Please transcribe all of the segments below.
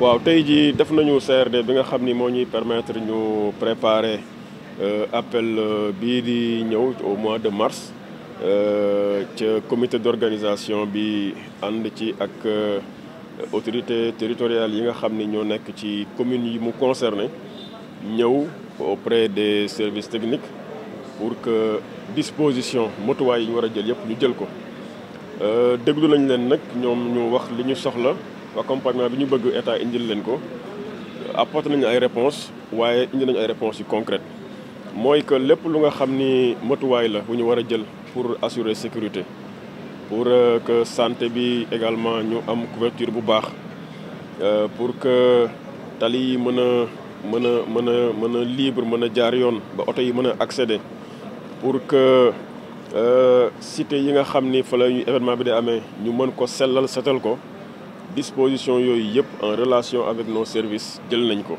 waaw tey jii def nañu CRD bi nga xam ni moo ñuy permettre ñu préparer euh, appel euh, bii di ñëw au mois de mars euh, ca comité d'organisation bi ànd ci ak autorité territoriale yi nga xam ni ñoo nekk ci commune yi mu concerné ñëw auprès des service techniques pour que disposition matuwaay yi ñu war a jël yëpp ñu jël ko déglu nañ leen nag ñoom ñu wax li ñu soxla accompagnement bi ñu bëgg état indil leen ko apporté nañu ay réponses waaye indi nañu ay réponses yu concrete mooy que lépp lu nga xam ni matuwaay la bu ñu war a jël pour assurer sécurité pour euh, que santé bi également ñu am couverture bu baax euh, pour que tali yi mën a mën a mën a mën a libre mën a jaar yoon ba oto yi mën a accéder pour que euh, cité yi nga xam ni fala la événement bi di amee ñu mën ko sellal setal ko disposition yooyu yëpp en relation avec nos services jël nañ ko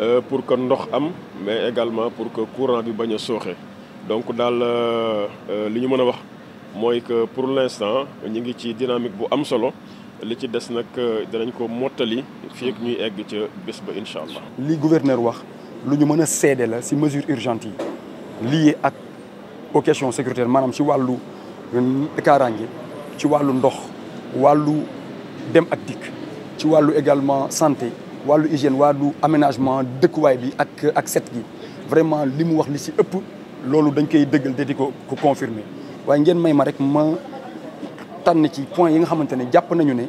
euh, pour que ndox am mais également pour que courant bi bañ a sooxe donc daal euh, li ñu mën a wax mooy que pour l'instant ñu ngi ci dynamique bu am solo li ci des nag euh, danañ ko mottali fii ñuy egg ca bés ba incha allah. li gouverneur wax lu ñu mën a seede la si mesure urgente yi lié ak aux questions sécuritaires maanaam si wàllu kaaraange ci wàllu ndox wàllu. dem ak dikk ci wàllu également santé wàllu hygiène wàllu aménagement dëkkuwaay bi ak ak set gi vraiment li mu wax li si ëpp loolu dañ koy dëggal te di ko ko confirmer waaye ngeen may ma rek ma tànn ci point yi nga xamante ne jàpp nañu ne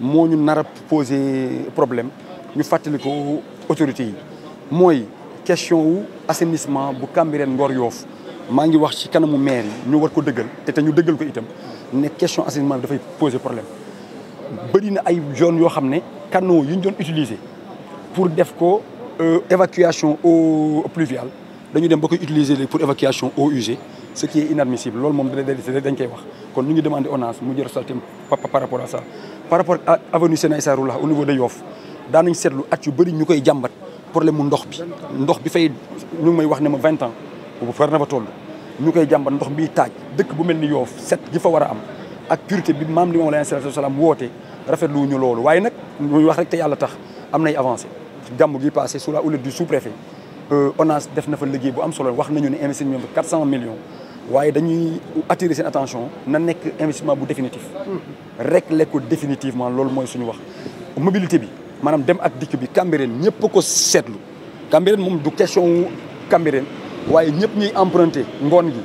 moo ñu nara a posé problème ñu fàttali ko autorités yi mooy question wu assainissement bu Cambérène Ngor Yoff maa ngi wax ci kanamu maire yi ñu war ko dëggal te te ñu dëggal ko itam ne question assainissement bi dafay posé problème bëri na ay zone yoo xam ne canaux yu ñu doon utiliser pour def ko euh, évacuation eau pluviale dañu dem ba koy utiliser léegi pour évacuation eau usée ce qui est inadmissible loolu moom dañ koy wax kon ñu ngi demandé ONAS mu jël responsabilité par rapport a ça par rapport à avenue Sénégal Saroula au niveau de Yoff daanañ seetlu at yu bëri ñu koy jàmbat le mu ndox bi ndox bi fay ñu ngi may wax ne ma vingt ans bu far na fa toll ñu koy jàmbat ndox bi taaj dëkk bu mel ni Yoff set gi fa war a am ak pureté bi maam li moom la sallallahu alayhi wasallam woote rafetlu ñu loolu waaye nag ñu wax rek te yàlla tax am nay avancer gàmm gi passé sous la houlette du sous-préfet euh, ONAS def na fa liggéey boo am solo wax nañu ne investissement bi 400 millions waaye dañuy attirer seen na nekk investissement bu définitif rek lekk ko définitivement loolu mooy suñu wax mobilité bi maanaam dem ak dikk bi Cambérène ñëpp ko seetlu Cambérène moom du question wu Cambérène waaye ñëpp ñuy emprunté ngoon gi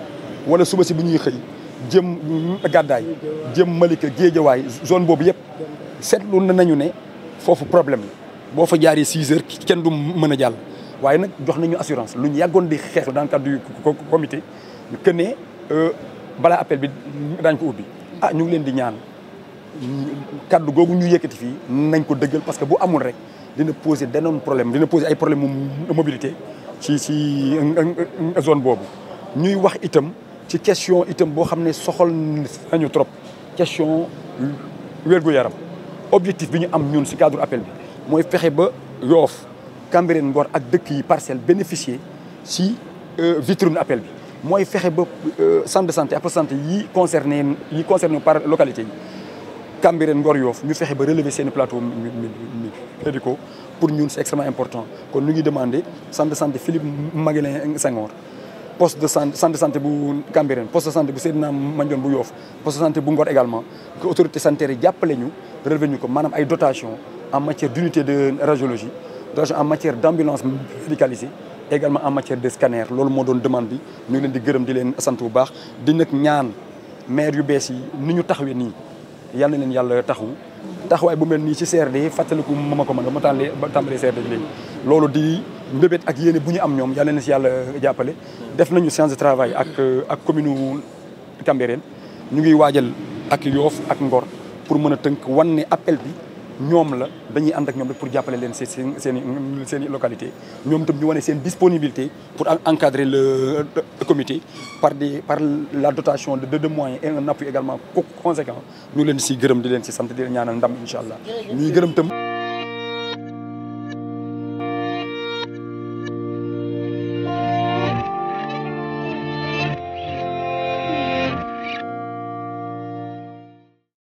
wala suba si bu ñuy xëy jëm gàddaay jëm Malika Géejawaay zone boobu yëpp seetlu na nañu ne foofu problème la boo fa jaaree six heures kenn du mën a jàll waaye nag jox nañu assurance lu ñu yàggoon di xeex dans le cadre du comité que ne euh, balaa appel bi daañ ko ubbi ah ñu ngi leen di ñaan kaddu googu ñu yëkkati fii nañ ko dëggal parce que bu amul rek dina poser d'énormes problèmes dina poser ay problème mobilité ci ci euh, euh, zone boobu ñuy wax itam ci question itam boo xam ne soxal nañu trop question wér-gu-yaram objectif bi ñu am ñun si cadre appel bi mooy fexe ba Yoff Cambérène Ngor ak dëkk yi parcelle bénéficier si euh, vitrine appel bi mooy fexe ba euh, centre de santé après santé yi concerné yi concerné par localité yi Cambérène Ngor Yoff ñu fexe ba relever seeni plateau médicaux pour ñun c'est extrêmement important kon ñu ngi demandé centre de santé Philippe Maguilen Senghor poste de santé centre de santé bu Cambérène poste de santé bu Seydina Mandione bu Yoff poste de santé bu Ngor également que autorité sanitaire yi jàppale ñu relevé ko maanaam ay dotation en matière d'unité de radiologie dotation en matière d'ambulance médicalisée également en matière de scanner loolu moo doon demande bi ñu ngi leen di gërëm di leen sant bu baax di nag ñaan maire yu bees yi ni ñu taxawee nii yal na leen yàlla taxawu taxawaay bu mel nii ci CRD fàttaliku ma ma ko mën a ma tàmbalee CRD léegi loolu di mbébét ak yéene bu ñu am ñoom yàlla na si yàlla jàppale. def nañu séance de travail ak ak commune ñu ngi waajal ak Yoff ak Ngor pour mën a tënk wan ne appel bi ñoom la dañuy ànd ak ñoom rek pour jàppale leen seen seen seen localité ñoom itam ñu wane seen disponibilité pour encadrer le comité par par la dotation de de moyens et un appui également conséquent ñu leen si gërëm di leen si sant di leen ñaanal ndam incha allah ñuy gërëm itam